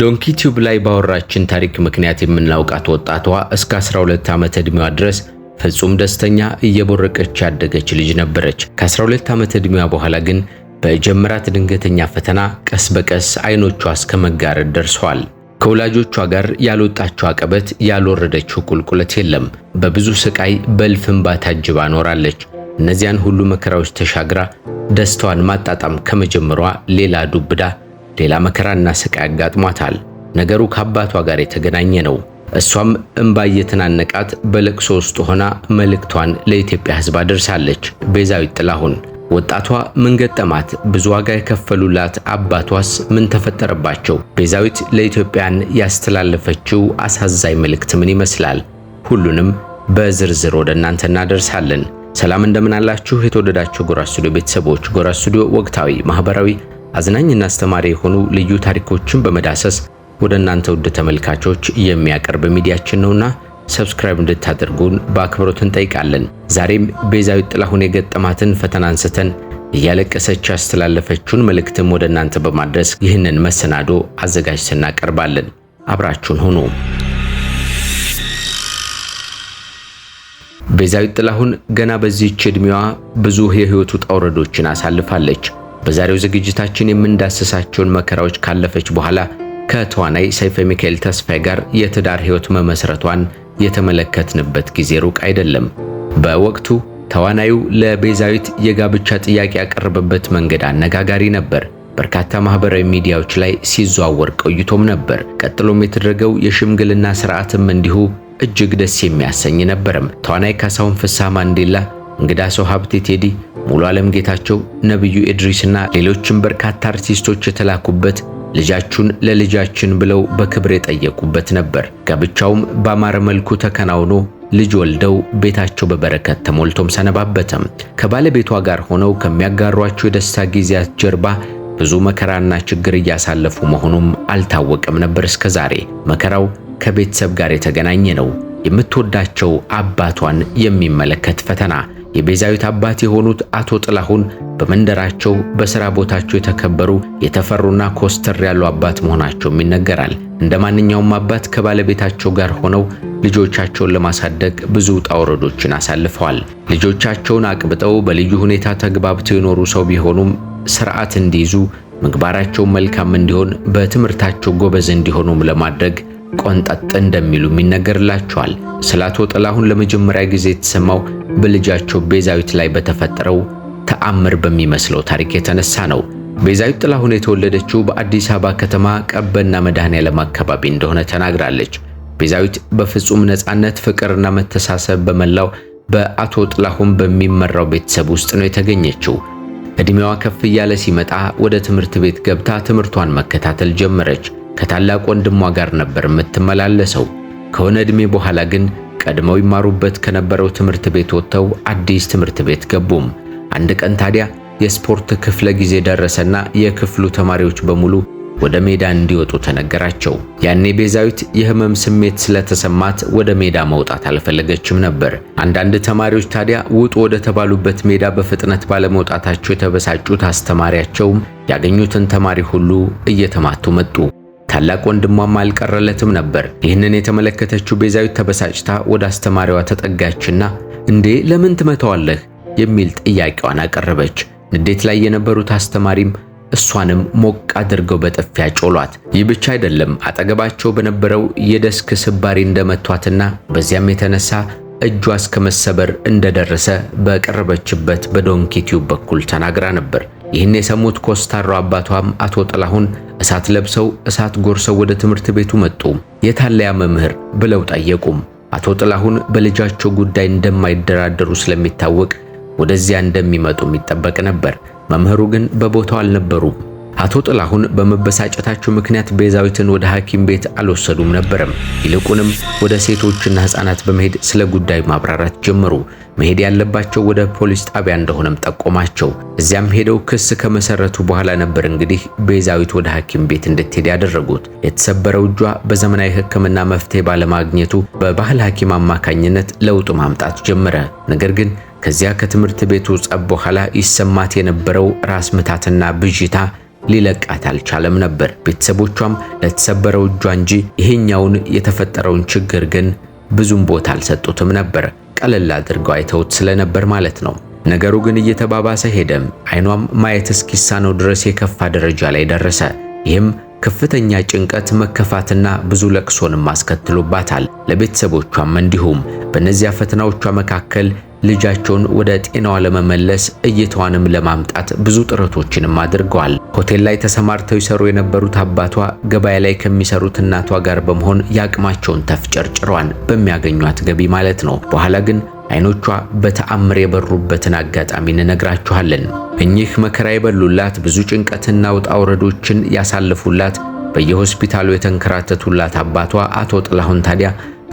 ዶንኪ ቲዩብ ላይ ባወራችን ታሪክ ምክንያት የምናውቃት ወጣቷ እስከ 12 ዓመት ዕድሜዋ ድረስ ፍጹም ደስተኛ እየቦረቀች ያደገች ልጅ ነበረች። ከ12 ዓመት ዕድሜዋ በኋላ ግን በጀመራት ድንገተኛ ፈተና ቀስ በቀስ አይኖቿ እስከ መጋረድ ደርሰዋል። ከወላጆቿ ጋር ያልወጣችው አቀበት፣ ያልወረደችው ቁልቁለት የለም። በብዙ ስቃይ በልፍም ባታጅባ ኖራለች። እነዚያን ሁሉ መከራዎች ተሻግራ ደስታዋን ማጣጣም ከመጀመሯ ሌላ ዱብዳ ሌላ መከራና ስቃይ አጋጥሟታል። ነገሩ ከአባቷ ጋር የተገናኘ ነው። እሷም እንባ እየተናነቃት በለቅሶ ውስጥ ሆና መልእክቷን ለኢትዮጵያ ሕዝብ አደርሳለች። ቤዛዊት ጥላሁን ወጣቷ ምን ገጠማት? ብዙ ዋጋ የከፈሉላት አባቷስ ምን ተፈጠረባቸው? ቤዛዊት ለኢትዮጵያን ያስተላለፈችው አሳዛኝ መልእክት ምን ይመስላል? ሁሉንም በዝርዝር ወደ እናንተ እናደርሳለን። ሰላም እንደምን አላችሁ? የተወደዳችሁ ጎራ ስቱዲዮ ቤተሰቦች፣ ጎራ ስቱዲዮ ወቅታዊ፣ ማህበራዊ አዝናኝና አስተማሪ የሆኑ ልዩ ታሪኮችን በመዳሰስ ወደ እናንተ ውድ ተመልካቾች የሚያቀርብ ሚዲያችን ነውና ሰብስክራይብ እንድታደርጉን በአክብሮት እንጠይቃለን። ዛሬም ቤዛዊት ጥላሁን የገጠማትን ፈተና አንስተን እያለቀሰች ያስተላለፈችውን መልእክትም ወደ እናንተ በማድረስ ይህንን መሰናዶ አዘጋጅተን እናቀርባለን። አብራችሁን ሁኑ። ቤዛዊት ጥላሁን ገና በዚህች ዕድሜዋ ብዙ የህይወቱ ውጣ ውረዶችን አሳልፋለች። በዛሬው ዝግጅታችን የምንዳስሳቸውን መከራዎች ካለፈች በኋላ ከተዋናይ ሰይፈ ሚካኤል ተስፋዬ ጋር የትዳር ሕይወት መመስረቷን የተመለከትንበት ጊዜ ሩቅ አይደለም። በወቅቱ ተዋናዩ ለቤዛዊት የጋብቻ ጥያቄ ያቀረበበት መንገድ አነጋጋሪ ነበር። በርካታ ማህበራዊ ሚዲያዎች ላይ ሲዘዋወር ቆይቶም ነበር። ቀጥሎም የተደረገው የሽምግልና ስርዓትም እንዲሁ እጅግ ደስ የሚያሰኝ ነበርም። ተዋናይ ካሳሁን ፍስሐ ማንዴላ፣ እንግዳ ሰው ሀብቴ ቴዲ ሙሉ ዓለም ጌታቸው፣ ነብዩ ኢድሪስና ሌሎችም በርካታ አርቲስቶች የተላኩበት ልጃችሁን ለልጃችን ብለው በክብር የጠየቁበት ነበር። ጋብቻውም ባማረ መልኩ ተከናውኖ ልጅ ወልደው ቤታቸው በበረከት ተሞልቶም ሰነባበተም። ከባለቤቷ ጋር ሆነው ከሚያጋሯቸው የደስታ ጊዜያት ጀርባ ብዙ መከራና ችግር እያሳለፉ መሆኑም አልታወቀም ነበር እስከ ዛሬ። መከራው ከቤተሰብ ጋር የተገናኘ ነው። የምትወዳቸው አባቷን የሚመለከት ፈተና የቤዛዊት አባት የሆኑት አቶ ጥላሁን በመንደራቸው በሥራ ቦታቸው የተከበሩ የተፈሩና ኮስተር ያሉ አባት መሆናቸውም ይነገራል። እንደ ማንኛውም አባት ከባለቤታቸው ጋር ሆነው ልጆቻቸውን ለማሳደግ ብዙ ውጣ ውረዶችን አሳልፈዋል። ልጆቻቸውን አቅብጠው በልዩ ሁኔታ ተግባብተው የኖሩ ሰው ቢሆኑም ስርዓት እንዲይዙ ምግባራቸው መልካም እንዲሆን በትምህርታቸው ጎበዝ እንዲሆኑም ለማድረግ ቆንጠጥ እንደሚሉም ይነገርላቸዋል። ስለ አቶ ጥላሁን ለመጀመሪያ ጊዜ የተሰማው በልጃቸው ቤዛዊት ላይ በተፈጠረው ተአምር በሚመስለው ታሪክ የተነሳ ነው። ቤዛዊት ጥላሁን የተወለደችው በአዲስ አበባ ከተማ ቀበና መድኃኔዓለም አካባቢ እንደሆነ ተናግራለች። ቤዛዊት በፍጹም ነፃነት፣ ፍቅርና መተሳሰብ በመላው በአቶ ጥላሁን በሚመራው ቤተሰብ ውስጥ ነው የተገኘችው። እድሜዋ ከፍ እያለ ሲመጣ ወደ ትምህርት ቤት ገብታ ትምህርቷን መከታተል ጀመረች። ከታላቅ ወንድሟ ጋር ነበር የምትመላለሰው። ከሆነ ዕድሜ በኋላ ግን ቀድመው ይማሩበት ከነበረው ትምህርት ቤት ወጥተው አዲስ ትምህርት ቤት ገቡም። አንድ ቀን ታዲያ የስፖርት ክፍለ ጊዜ ደረሰና የክፍሉ ተማሪዎች በሙሉ ወደ ሜዳ እንዲወጡ ተነገራቸው። ያኔ ቤዛዊት የህመም ስሜት ስለተሰማት ወደ ሜዳ መውጣት አልፈለገችም ነበር። አንዳንድ ተማሪዎች ታዲያ ውጡ ወደ ተባሉበት ሜዳ በፍጥነት ባለመውጣታቸው የተበሳጩት አስተማሪያቸውም ያገኙትን ተማሪ ሁሉ እየተማቱ መጡ። ታላቅ ወንድሟም አልቀረለትም ነበር። ይህንን የተመለከተችው ቤዛዊት ተበሳጭታ ወደ አስተማሪዋ ተጠጋችና እንዴ ለምን ትመታዋለህ የሚል ጥያቄዋን አቀረበች። ንዴት ላይ የነበሩት አስተማሪም እሷንም ሞቅ አድርገው በጥፊያ ጮሏት። ይህ ብቻ አይደለም፣ አጠገባቸው በነበረው የደስክ ስባሪ እንደመቷትና በዚያም የተነሳ እጇ እስከ መሰበር እንደደረሰ በቀረበችበት ቲዩብ በኩል ተናግራ ነበር። ይህን የሰሙት ኮስታሮ አባቷም አቶ ጥላሁን እሳት ለብሰው እሳት ጎርሰው ወደ ትምህርት ቤቱ መጡ። የታለያ መምህር ብለው ጠየቁም። አቶ ጥላሁን በልጃቸው ጉዳይ እንደማይደራደሩ ስለሚታወቅ ወደዚያ እንደሚመጡም ይጠበቅ ነበር። መምህሩ ግን በቦታው አልነበሩም። አቶ ጥላሁን በመበሳጨታቸው ምክንያት ቤዛዊትን ወደ ሐኪም ቤት አልወሰዱም ነበርም። ይልቁንም ወደ ሴቶችና ሕፃናት በመሄድ ስለ ጉዳዩ ማብራራት ጀመሩ። መሄድ ያለባቸው ወደ ፖሊስ ጣቢያ እንደሆነም ጠቆማቸው። እዚያም ሄደው ክስ ከመሰረቱ በኋላ ነበር እንግዲህ ቤዛዊት ወደ ሐኪም ቤት እንድትሄድ ያደረጉት። የተሰበረው እጇ በዘመናዊ ሕክምና መፍትሄ ባለማግኘቱ በባህል ሐኪም አማካኝነት ለውጥ ማምጣት ጀመረ። ነገር ግን ከዚያ ከትምህርት ቤቱ ጸብ በኋላ ይሰማት የነበረው ራስ ምታትና ብዥታ ሊለቃት አልቻለም ነበር። ቤተሰቦቿም ለተሰበረው እጇ እንጂ ይሄኛውን የተፈጠረውን ችግር ግን ብዙም ቦታ አልሰጡትም ነበር። ቀለል አድርገው አይተውት ስለነበር ማለት ነው። ነገሩ ግን እየተባባሰ ሄደም። አይኗም ማየት እስኪሳነው ድረስ የከፋ ደረጃ ላይ ደረሰ። ይህም ከፍተኛ ጭንቀት፣ መከፋትና ብዙ ለቅሶንም አስከትሎባታል። ለቤተሰቦቿም እንዲሁም በእነዚያ ፈተናዎቿ መካከል ልጃቸውን ወደ ጤናዋ ለመመለስ እይታዋንም ለማምጣት ብዙ ጥረቶችንም አድርገዋል። ሆቴል ላይ ተሰማርተው ይሰሩ የነበሩት አባቷ ገበያ ላይ ከሚሰሩት እናቷ ጋር በመሆን የአቅማቸውን ተፍጨርጭሯን በሚያገኟት ገቢ ማለት ነው። በኋላ ግን አይኖቿ በተአምር የበሩበትን አጋጣሚ እንነግራችኋለን። እኚህ መከራ የበሉላት ብዙ ጭንቀትና ውጣ ውረዶችን ያሳልፉላት በየሆስፒታሉ የተንከራተቱላት አባቷ አቶ ጥላሁን ታዲያ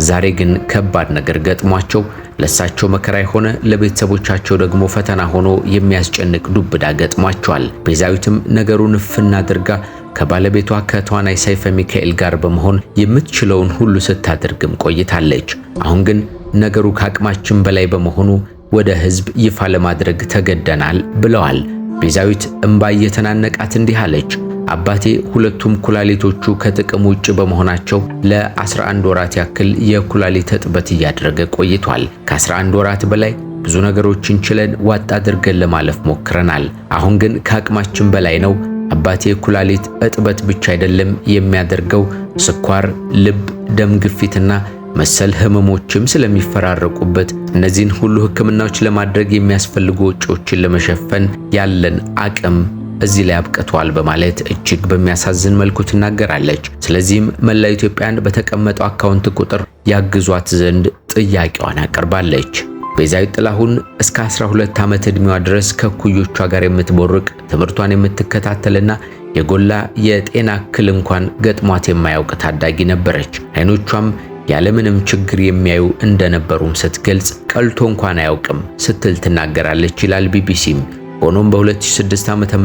ዛሬ ግን ከባድ ነገር ገጥሟቸው ለእሳቸው መከራ የሆነ ለቤተሰቦቻቸው ደግሞ ፈተና ሆኖ የሚያስጨንቅ ዱብዳ ገጥሟቸዋል። ቤዛዊትም ነገሩን እፍና አድርጋ ከባለቤቷ ከተዋናይ ሰይፈ ሚካኤል ጋር በመሆን የምትችለውን ሁሉ ስታደርግም ቆይታለች። አሁን ግን ነገሩ ከአቅማችን በላይ በመሆኑ ወደ ሕዝብ ይፋ ለማድረግ ተገደናል ብለዋል። ቤዛዊት እምባ እየተናነቃት እንዲህ አለች። አባቴ ሁለቱም ኩላሊቶቹ ከጥቅም ውጭ በመሆናቸው ለ11 ወራት ያክል የኩላሊት እጥበት እያደረገ ቆይቷል። ከ11 ወራት በላይ ብዙ ነገሮችን ችለን ዋጥ አድርገን ለማለፍ ሞክረናል። አሁን ግን ከአቅማችን በላይ ነው። አባቴ ኩላሊት እጥበት ብቻ አይደለም የሚያደርገው ስኳር፣ ልብ፣ ደም ግፊትና መሰል ህመሞችም ስለሚፈራረቁበት እነዚህን ሁሉ ህክምናዎች ለማድረግ የሚያስፈልጉ ወጪዎችን ለመሸፈን ያለን አቅም እዚህ ላይ አብቅቷል በማለት እጅግ በሚያሳዝን መልኩ ትናገራለች። ስለዚህም መላ ኢትዮጵያን በተቀመጠው አካውንት ቁጥር ያግዟት ዘንድ ጥያቄዋን አቀርባለች። ቤዛዊት ጥላሁን እስከ 12 ዓመት ዕድሜዋ ድረስ ከኩዮቿ ጋር የምትቦርቅ ትምህርቷን የምትከታተልና የጎላ የጤና እክል እንኳን ገጥሟት የማያውቅ ታዳጊ ነበረች። አይኖቿም ያለምንም ችግር የሚያዩ እንደነበሩም ስትገልጽ ቀልቶ እንኳን አያውቅም ስትል ትናገራለች ይላል ቢቢሲም። ሆኖም በ2006 ዓ.ም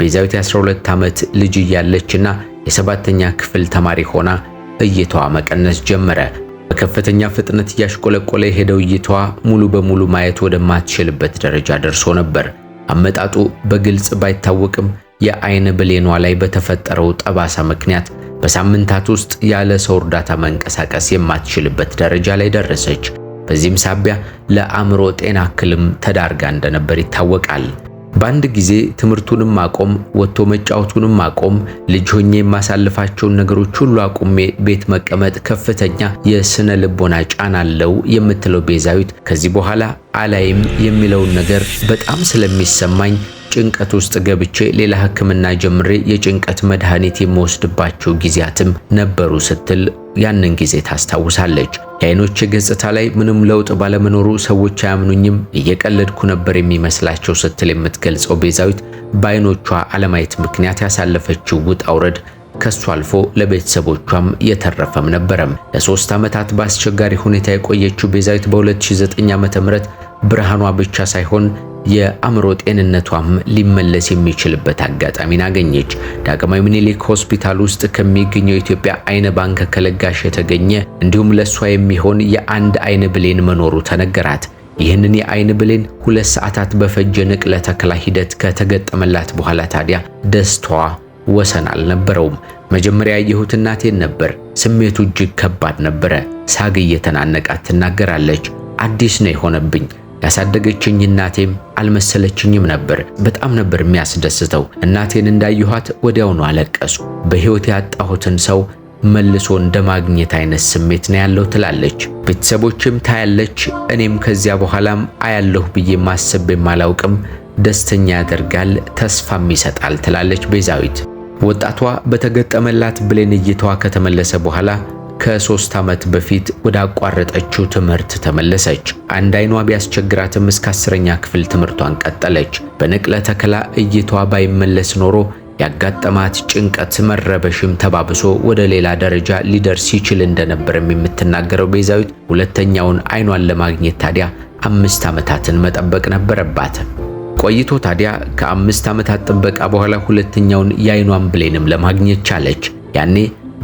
ቤዛዊት 12 ዓመት ልጅ እያለችና የሰባተኛ ክፍል ተማሪ ሆና እይታዋ መቀነስ ጀመረ። በከፍተኛ ፍጥነት እያሽቆለቆለ የሄደው እይታዋ ሙሉ በሙሉ ማየት ወደማትችልበት ደረጃ ደርሶ ነበር። አመጣጡ በግልጽ ባይታወቅም የአይን ብሌኗ ላይ በተፈጠረው ጠባሳ ምክንያት በሳምንታት ውስጥ ያለ ሰው እርዳታ መንቀሳቀስ የማትችልበት ደረጃ ላይ ደረሰች። በዚህም ሳቢያ ለአእምሮ ጤና እክልም ተዳርጋ እንደነበር ይታወቃል። በአንድ ጊዜ ትምህርቱንም ማቆም፣ ወጥቶ መጫወቱንም ማቆም፣ ልጅ ሆኜ የማሳልፋቸውን ነገሮች ሁሉ አቁሜ ቤት መቀመጥ ከፍተኛ የስነ ልቦና ጫና አለው የምትለው ቤዛዊት ከዚህ በኋላ አላይም የሚለውን ነገር በጣም ስለሚሰማኝ ጭንቀት ውስጥ ገብቼ ሌላ ሕክምና ጀምሬ የጭንቀት መድኃኒት የምወስድባቸው ጊዜያትም ነበሩ ስትል ያንን ጊዜ ታስታውሳለች። የአይኖች ገጽታ ላይ ምንም ለውጥ ባለመኖሩ ሰዎች አያምኑኝም፣ እየቀለድኩ ነበር የሚመስላቸው ስትል የምትገልጸው ቤዛዊት በአይኖቿ አለማየት ምክንያት ያሳለፈችው ውጣ ውረድ ከሱ አልፎ ለቤተሰቦቿም የተረፈም ነበረም። ለሶስት ዓመታት በአስቸጋሪ ሁኔታ የቆየችው ቤዛዊት በ2009 ም ብርሃኗ ብቻ ሳይሆን የአእምሮ ጤንነቷም ሊመለስ የሚችልበት አጋጣሚን አገኘች። ዳግማዊ ምኒልክ ሆስፒታል ውስጥ ከሚገኘው የኢትዮጵያ አይን ባንክ ከለጋሽ የተገኘ እንዲሁም ለእሷ የሚሆን የአንድ አይን ብሌን መኖሩ ተነገራት። ይህንን የአይን ብሌን ሁለት ሰዓታት በፈጀ ንቅለ ተከላ ሂደት ከተገጠመላት በኋላ ታዲያ ደስታዋ ወሰን አልነበረውም። መጀመሪያ ያየሁት እናቴን ነበር። ስሜቱ እጅግ ከባድ ነበረ። ሳግ እየተናነቃት ትናገራለች። አዲስ ነው የሆነብኝ ያሳደገችኝ እናቴም አልመሰለችኝም ነበር። በጣም ነበር የሚያስደስተው። እናቴን እንዳየኋት ወዲያውኑ አለቀሱ። በሕይወት ያጣሁትን ሰው መልሶ እንደማግኘት አይነት ስሜት ነው ያለው ትላለች። ቤተሰቦችም ታያለች። እኔም ከዚያ በኋላም አያለሁ ብዬ ማሰብ የማላውቅም ደስተኛ ያደርጋል፣ ተስፋም ይሰጣል ትላለች ቤዛዊት። ወጣቷ በተገጠመላት ብሌን እይታዋ ከተመለሰ በኋላ ከሶስት ዓመት በፊት ወደ አቋረጠችው ትምህርት ተመለሰች። አንድ አይኗ ቢያስቸግራትም እስከ አስረኛ ክፍል ትምህርቷን ቀጠለች። በንቅለ ተከላ እይቷ ባይመለስ ኖሮ ያጋጠማት ጭንቀት፣ መረበሽም ተባብሶ ወደ ሌላ ደረጃ ሊደርስ ይችል እንደነበርም የምትናገረው ቤዛዊት ሁለተኛውን አይኗን ለማግኘት ታዲያ አምስት ዓመታትን መጠበቅ ነበረባት። ቆይቶ ታዲያ ከአምስት ዓመታት ጥበቃ በኋላ ሁለተኛውን የአይኗን ብሌንም ለማግኘት ቻለች። ያኔ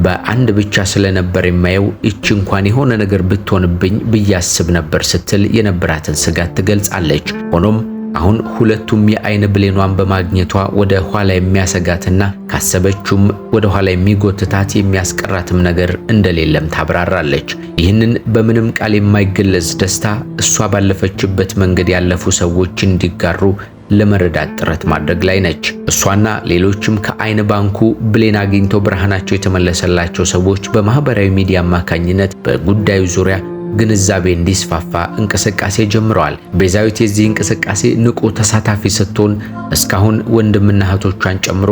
በአንድ ብቻ ስለነበር የማየው እች እንኳን የሆነ ነገር ብትሆንብኝ ብያስብ ነበር ስትል የነበራትን ስጋት ትገልጻለች። ሆኖም አሁን ሁለቱም የአይን ብሌኗን በማግኘቷ ወደ ኋላ የሚያሰጋትና ካሰበችውም ወደ ኋላ የሚጎትታት የሚያስቀራትም ነገር እንደሌለም ታብራራለች። ይህንን በምንም ቃል የማይገለጽ ደስታ እሷ ባለፈችበት መንገድ ያለፉ ሰዎች እንዲጋሩ ለመረዳት ጥረት ማድረግ ላይ ነች። እሷና ሌሎችም ከአይን ባንኩ ብሌን አግኝቶ ብርሃናቸው የተመለሰላቸው ሰዎች በማህበራዊ ሚዲያ አማካኝነት በጉዳዩ ዙሪያ ግንዛቤ እንዲስፋፋ እንቅስቃሴ ጀምረዋል። ቤዛዊት የዚህ እንቅስቃሴ ንቁ ተሳታፊ ስትሆን እስካሁን ወንድምና እህቶቿን ጨምሮ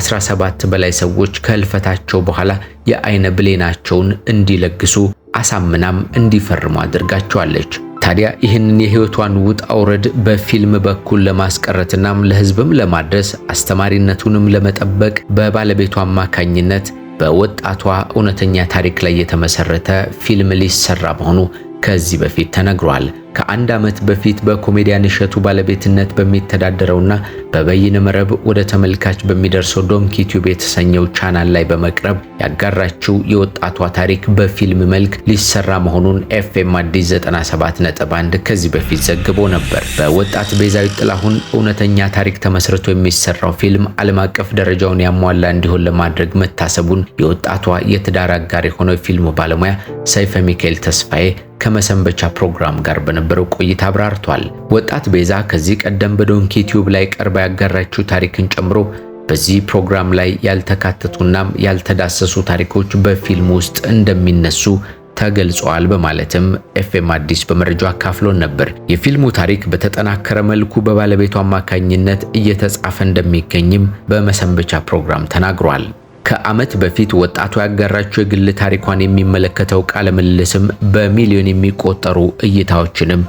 17 በላይ ሰዎች ከህልፈታቸው በኋላ የአይነ ብሌናቸውን እንዲለግሱ አሳምናም እንዲፈርሙ አድርጋቸዋለች። ታዲያ ይህንን የህይወቷን ውጣ ውረድ በፊልም በኩል ለማስቀረትናም ለህዝብም ለማድረስ አስተማሪነቱንም ለመጠበቅ በባለቤቷ አማካኝነት በወጣቷ እውነተኛ ታሪክ ላይ የተመሰረተ ፊልም ሊሰራ መሆኑ ከዚህ በፊት ተነግሯል። ከአንድ ዓመት በፊት በኮሜዲያን እሸቱ ባለቤትነት በሚተዳደረውና በበይነ መረብ ወደ ተመልካች በሚደርሰው ዶንኪ ቲዩብ የተሰኘው ቻናል ላይ በመቅረብ ያጋራችው የወጣቷ ታሪክ በፊልም መልክ ሊሰራ መሆኑን ኤፍኤም አዲስ ዘ97 1 ከዚህ በፊት ዘግቦ ነበር። በወጣት ቤዛዊት ጥላሁን እውነተኛ ታሪክ ተመስርቶ የሚሰራው ፊልም ዓለም አቀፍ ደረጃውን ያሟላ እንዲሆን ለማድረግ መታሰቡን የወጣቷ የትዳር አጋር የሆነው ፊልሙ ባለሙያ ሰይፈ ሚካኤል ተስፋዬ ከመሰንበቻ ፕሮግራም ጋር በነበ ስለነበረው ቆይታ አብራርቷል። ወጣት ቤዛ ከዚህ ቀደም በዶንኪ ቲዩብ ላይ ቀርባ ያጋራችው ታሪክን ጨምሮ በዚህ ፕሮግራም ላይ ያልተካተቱናም ያልተዳሰሱ ታሪኮች በፊልም ውስጥ እንደሚነሱ ተገልጿል በማለትም ኤፍኤም አዲስ በመረጃው አካፍሎን ነበር። የፊልሙ ታሪክ በተጠናከረ መልኩ በባለቤቱ አማካኝነት እየተጻፈ እንደሚገኝም በመሰንበቻ ፕሮግራም ተናግሯል። ከዓመት በፊት ወጣቱ ያጋራቸው የግል ታሪኳን የሚመለከተው ቃለ ምልልስም በሚሊዮን የሚቆጠሩ እይታዎችንም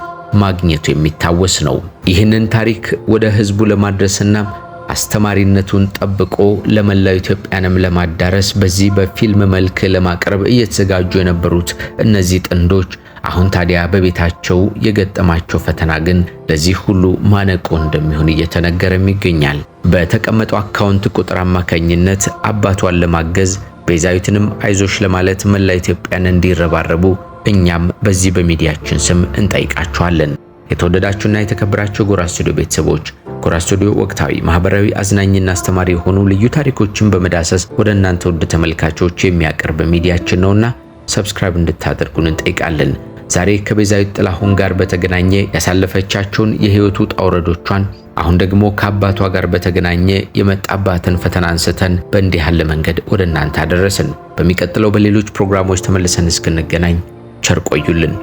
ማግኘቱ የሚታወስ ነው። ይህንን ታሪክ ወደ ህዝቡ ለማድረስና አስተማሪነቱን ጠብቆ ለመላው ኢትዮጵያንም ለማዳረስ በዚህ በፊልም መልክ ለማቅረብ እየተዘጋጁ የነበሩት እነዚህ ጥንዶች አሁን ታዲያ በቤታቸው የገጠማቸው ፈተና ግን ለዚህ ሁሉ ማነቆ እንደሚሆን እየተነገረም ይገኛል። በተቀመጠው አካውንት ቁጥር አማካኝነት አባቷን ለማገዝ ቤዛዊትንም አይዞሽ ለማለት መላ ኢትዮጵያን እንዲረባረቡ እኛም በዚህ በሚዲያችን ስም እንጠይቃቸዋለን። የተወደዳችሁና የተከበራችሁ ጎራ ስቱዲዮ ቤተሰቦች ጎራ ስቱዲዮ ወቅታዊ፣ ማህበራዊ፣ አዝናኝና አስተማሪ የሆኑ ልዩ ታሪኮችን በመዳሰስ ወደ እናንተ ውድ ተመልካቾች የሚያቀርብ ሚዲያችን ነውና ሰብስክራይብ እንድታደርጉን እንጠይቃለን። ዛሬ ከቤዛዊት ጥላሁን ጋር በተገናኘ ያሳለፈቻቸውን የህይወቱ ውጣ ውረዶቿን አሁን ደግሞ ከአባቷ ጋር በተገናኘ የመጣባትን ፈተና አንስተን በእንዲህ ያለ መንገድ ወደ እናንተ አደረስን። በሚቀጥለው በሌሎች ፕሮግራሞች ተመልሰን እስክንገናኝ ቸር ቆዩልን።